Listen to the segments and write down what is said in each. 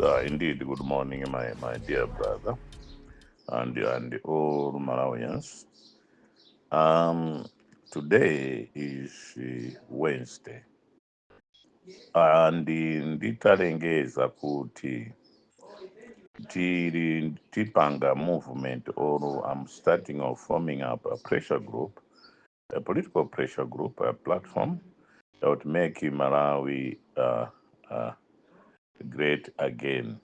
Uh, indeed, good morning, my, my dear brother and, and all Malawians. Um, today is uh, Wednesday. Andi nditarengeza kuti tiri tipanga movement or I'm starting or forming up a pressure group, a political pressure group, a platform that would make Malawi uh, uh, great again.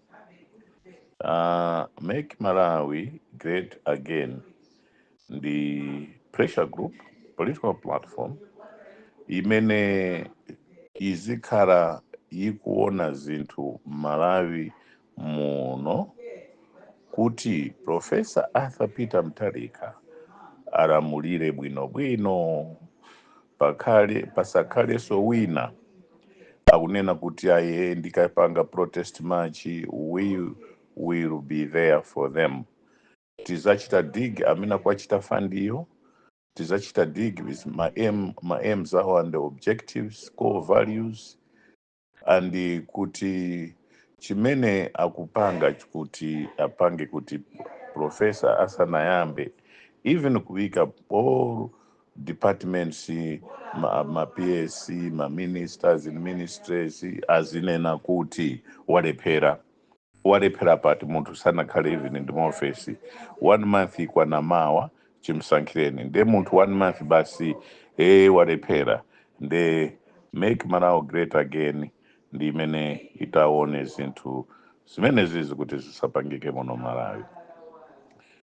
Uh, ah, Make Malawi Great Again ndi pressure group political platform imene izikhala ikuona zinthu Malawi muno kuti Profesa Arthur Peter Mutharika alamulire bwinobwino pakhale pasakhaleso wina hakunena kuti aye ndikapanga protest march we will be there for them tizachita dig amina kwachitafandiyo tizachita dig with maems ma awo and the objectives core values and kuti chimene akupanga kuti apange kuti profesa asanayambe even kuvika all departments mapsc maministers and ministries azinena kuti warephera warephera but muthu sanakhale even ndi maofesi one month ikwanamawa chimsankhireni nde munthu one month basi e hey, warephera nde make malawo great again ndi imene itaone zinthu zimene zizi kuti zisapangike muno malawi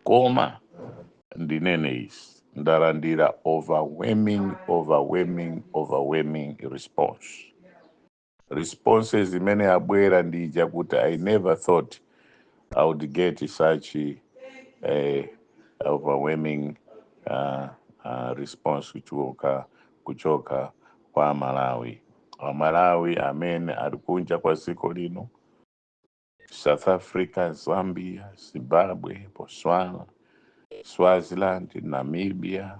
koma ndinene isi ndarandira overwhelming overwhelming overwhelming response responses imene abwera ndija kuti i never thought i would get such a overwhelming uh, uh, response kuchoka kuchoka kwa malawi amalawi amene ari kunja kwa ziko lino south africa zambia zimbabwe botswana Swaziland, Namibia,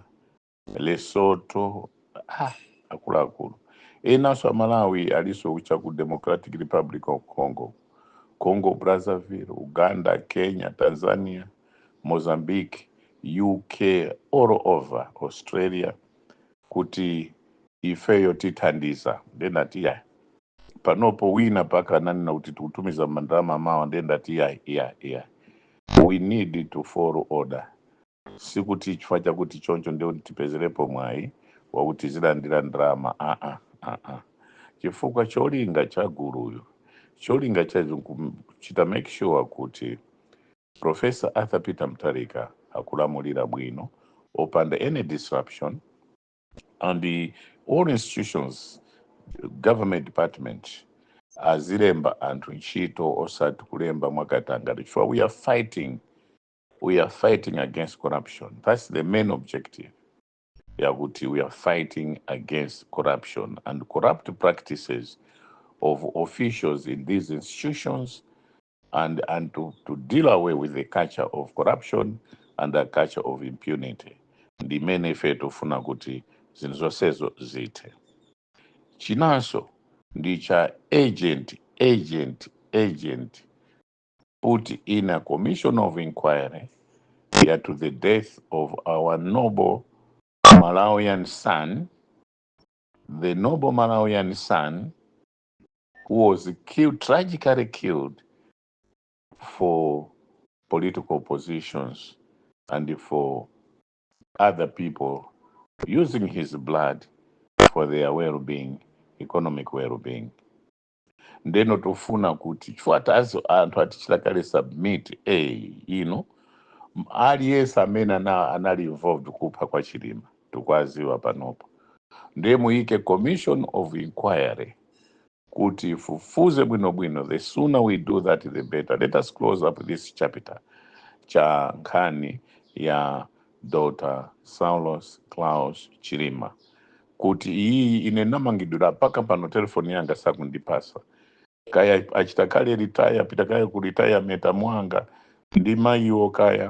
Lesotho, ah, akuluakulu inaso eh, amalawi aliso ucha ku democratic republic of congo congo brazzaville uganda kenya tanzania mozambique uk all over australia kuti ifeyo tithandiza ndendati yayi panopo wina paka pakananena kuti tikutumiza mandalama mawa ndendati ya ya ya we need to follow order sikuti chifa chakuti choncho ndeuti tipezerepo mwai wakuti zirandira ndirama aa aa chifukwa cholinga chaguruyo cholinga chachita make sure kuti professor arthur peter mutarika akulamulira bwino opanda any disruption and all institutions government department azilemba anthu ntchito osati kulemba mwakatanga tichiwa we are fighting we are fighting against corruption. That's the main objective. we are fighting against corruption and corrupt practices of officials in these institutions and, and to, to deal away with the culture of corruption and the culture of impunity. The of ife tofuna kuti zinizosezo zite. Chinanso ndicha agent, agent, agent put in a commission of inquiry here to the death of our noble Malawian son, the noble Malawian son who was killed, tragically killed for political positions and for other people using his blood for their well being, economic well being. tofuna kuti chifukwa tazo anthu atichitakale submit a eh, ino aliyense amene anali involved kupha kwa chilima tikwaziwa panopo ndiye muyike commission of inquiry kuti fufuze bwinobwino the sooner we do that the better let us close up this chapter cha nkhani ya dr saulos claus chilima kuti iyi ine namangidwira paka pano telefoni yanga sakundipasa kaya achitakale ritaya pitakayo kuritaya meta mwanga ndi iwo kaya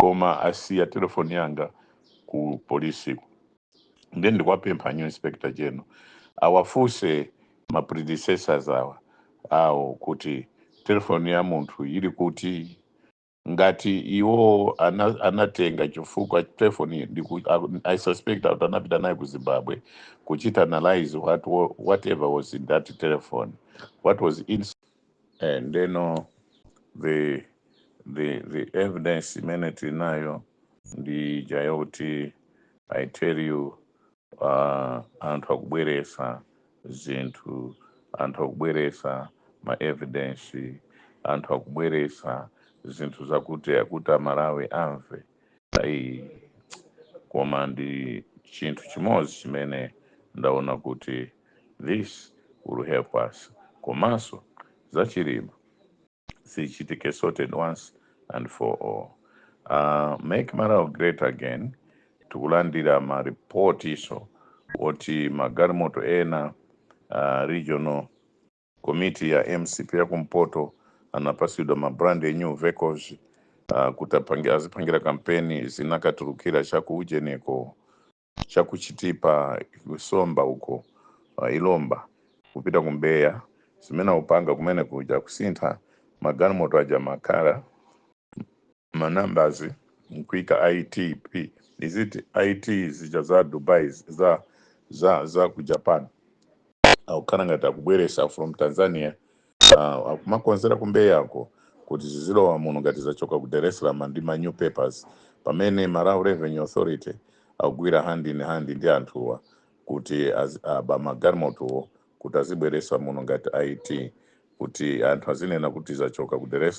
koma asiya telefoni yanga ku polisi ndi ndikwapempha new inspector general awafunse ma predecessors awa awo kuti telefoni ya munthu ili kuti ngati iwo ana, anatenga chifukwa telefoni ndiku- i suspect kuti anapita naye ku zimbabwe kuchita analyze what, whatever was in that telephone what was ins and then uh, the the the evidence imene tinayo ndijaya kuti i tell you uh, anthu akubweresa zinthu anthu akubweresa maevidence anthu akubweresa zinthu zakuti akuti amalawi amve ayi koma ndi chinthu chimodzi chimene ndaona kuti this will help us komanso zachirima sichitike sorted once and for all uh, make marawo great again tikulandira maripotiso oti magalimoto ena uh, regional committee ya mcp ya kumpoto anapasidwa mabrand enyu vehicles uh, kuti azipangira kampeni zinakaturukira chakuujeneko chakuchitipa kusomba uko uh, ilomba kupita kumbeya simena upanga kumene kuja kusintha magalimoto aja makhala manambazi nkuika ITP niziti IT zija za Dubai za za za ku Japan akukhala ngati akubweresa from Tanzania uh, akumakonzera kumbe yako kuti zizilowa muno ngati zachoka ku Dar ndi ma new papers pamene Malawi Revenue Authority akugwira handi ni handi ndi anthuwa kuti az- aba magalimotowo kuti azibweresa muno ngati it kuti anthu azinena kuti zachoka ku dar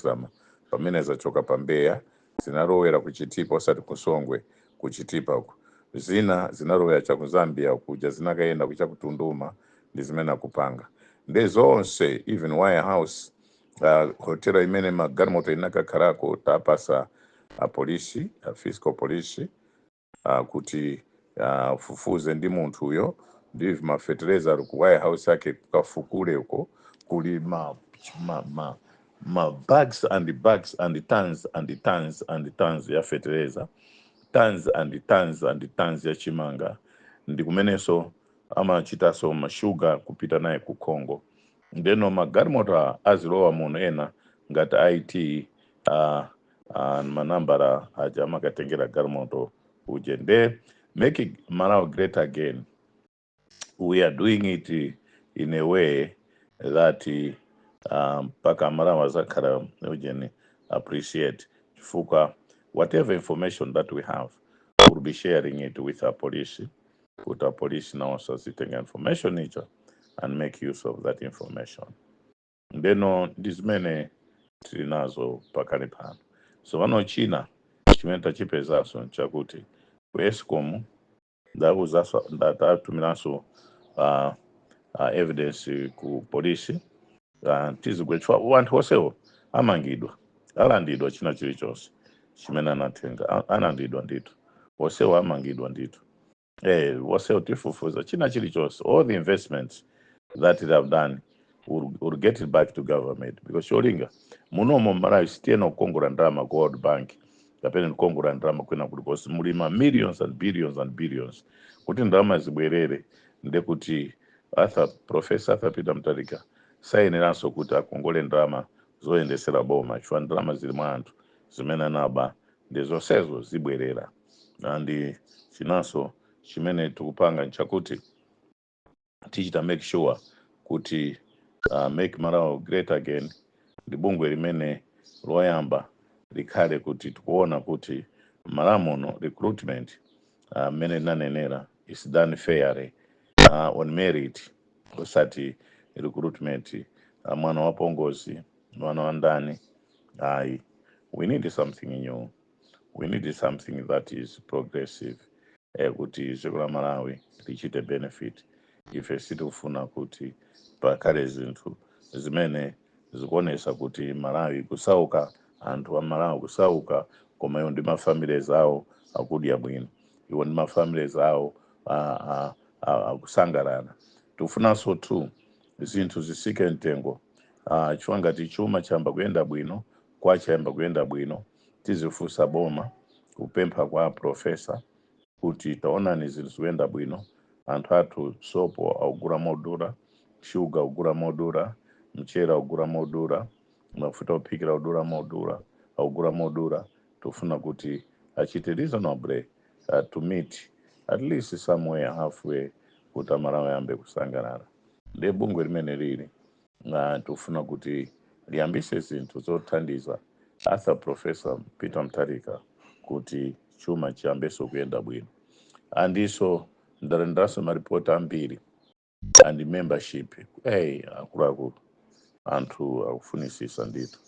pamene zachoka pa mbeya zinalowera kuchitipa osati kusongwe kuchitipa zina zinalowera chaku zambia kuja zinakayenda kucha ndi zimene akupanga nde zonse even wirehouse uh, hotela imene magalimoto inakakhalako tapasa apolisi uh, uh, fiscal polisi uh, kuti uh, fufuze ndi munthu uyo ndivyo mafetereza alikuwaye hausake kukafukule huko kuli ma, ma, ma, ma bags and bags and tons and tons and tons ya fetereza tons and tons and tons ya chimanga ndikumeneso amachitaso mashuga kupita naye ku Congo ndeno magarimoto azilowa muno ena ngati IT uh, uh, manambara aja amakatengera galimoto uje nde make Malawi great again we are doing it in a way that um, mpaka um, Mara Eugene appreciate Fuka. Whatever information that we have, we'll be sharing it with our police, with our police now soliciting information nature and make use of that information. Ndeno ndizimene tili nazo pakali pano. So vano China chimene That was that that ndakuzaso ndatatumiraso uh, uh, evidence ku polisi uh, tizigwe chifukwa wanthu osewa amangidwa alandidwa china chilichonse chimene anatenga analandidwa ndithu osewa amangidwa ndithu eh osewa tifufuza china chilichonse all the investments that it have done will, will get it back to government because cholinga munomo mmalawi sitiyena kukongola ndalama ku world bank kapena ndikukongola ndalama kwina kulikonse mulima millions and billions and billions kuti ndalama zibwerere ndekuti atha profesa athapita mtalika sayeneranso kuti akongole ndalama zoyendesera boma chifukwa ndalama zili mwa anthu zimene anaba ndi zonsezo zibwerera andi chinanso chimene tikupanga nchakuti tichita make sure kuti uh, make marao great again ndi bungwe limene loyamba likhale kuti tikuona kuti malamono recruitment mmene uh, linanenera is done fairly uh, on merit usati recruitment uh, mwana wapongozi mwana wa ndani we need something new we need something that is progressive eh, kuti zveku malawi tichiite benefit ife funa kuti pakale zinthu zimene zikuonesa kuti malawi kusauka anthu a malawi kusauka koma iwo ndi mafamile zawo akudya bwino iwo ndi mafamile zawo uh, uh, akusangalana tufunanso tu zinthu zisike mtengo uh, ah, chifukwa ngati chuma chayamba kuyenda bwino kwa chayamba kuyenda bwino tizifunsa boma kupempha kwa profesa kuti taonani zinthu zikuyenda bwino anthu athu sopo augura modura shuga augura modura mchera augura modura mafuta ophikira udura modura augura modura tofuna kuti achite reasonable uh, to meet at least somewhere halfway kuti ayambe kusangalala kusanganana bungwe limene lili na tufuna kuti liyambise zinthu zothandiza arthur professor peter mtarika kuti chuma chiyambeso kuyenda bwino andiso ndale maripoti ambiri and membership eyi akuluakulu anthu akufunisisa ndithu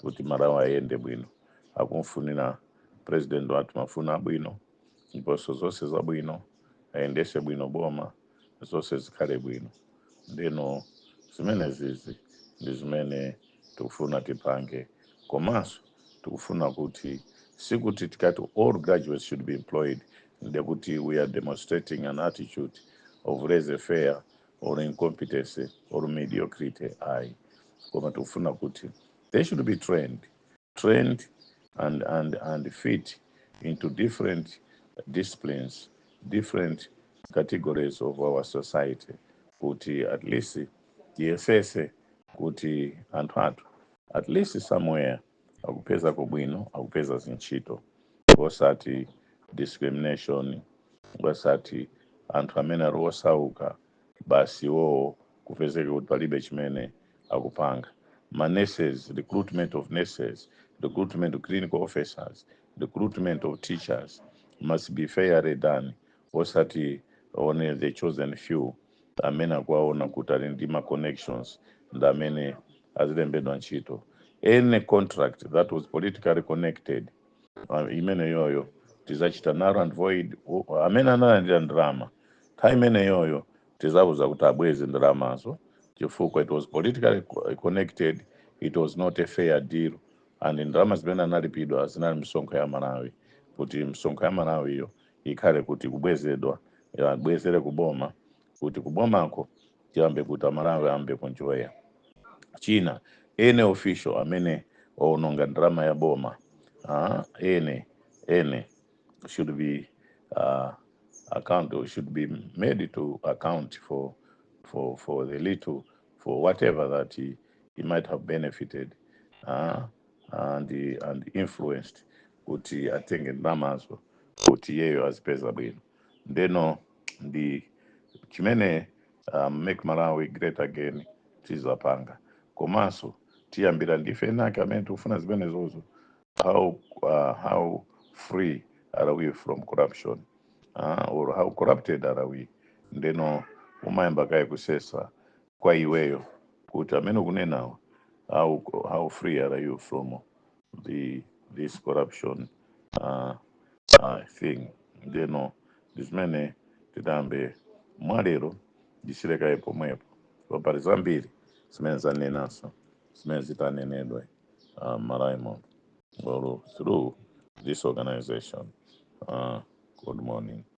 kuti marawo ayende bwino akumfunira president wathu mafuna abwino those mboso zose za bwino aendeshe eh, bwino boma zose zikhale bwino ndeno zimene zizi ndi zimene tikufuna tipange komanso tikufuna kuti sikuti tikati all graduates should be employed ndekuti we are demonstrating an attitude of laissez fair or incompetence or mediocrity ayi koma tikufuna kuti they should be trained trained and, and, and fit into different disciplines, different categories of our society kuti at least tiyesese kuti anthu athu at least somewhere akupeza kobwino akupeza zintchito osati discrimination osati anthu amene ali osauka basi wowo kupezeke kuti palibe chimene akupanga nurses recruitment of nurses recruitment of clinical officers recruitment of teachers must be fairly done osati uh, one uh, the chosen few amene akuaona kuti ali ndi connections ndi amene azilembedwa ntchito any contract that was politically connected uh, imene yoyo tizachita narrow and void amene analandira ndalama nthawi imene yoyo tizabuza kuti abweze ndalamazo chifukwa it was politically connected it was not a fair deal and ndrama zimene analipidwa zinali misonkho ya malawi kuti malawi iyo ikhale kuti kubwezedwa abwezere kuboma kuti kubomako tiyambe kuti amalawi ambe kunjoya china ene official amene ononga ndrama ya boma ah, ene ene should be uh, account or should be made to account for for for the little for whatever that he, he might have benefited uh, and and influenced kuti atenge ndamazvo kuti iyeyo azipeza bwino ndeno ndi chimene um, make malawi great again tizapanga komanso tiyambira ndife nake amene tikufuna zimene zozo how, uh, how free are we from corruption uh, or how corrupted are we ndeno umayamba kaye kusesa kwa iweyo kuti amene ukunenawo how, how free are you from the this corruption uh, uh, thing. They know this many eh, tidambe eh, mwalero jishirekaepo mwepo papari zambiri zimene zanenanso zimene zitanenedwe eh, uh, maraimond through this organization uh, good morning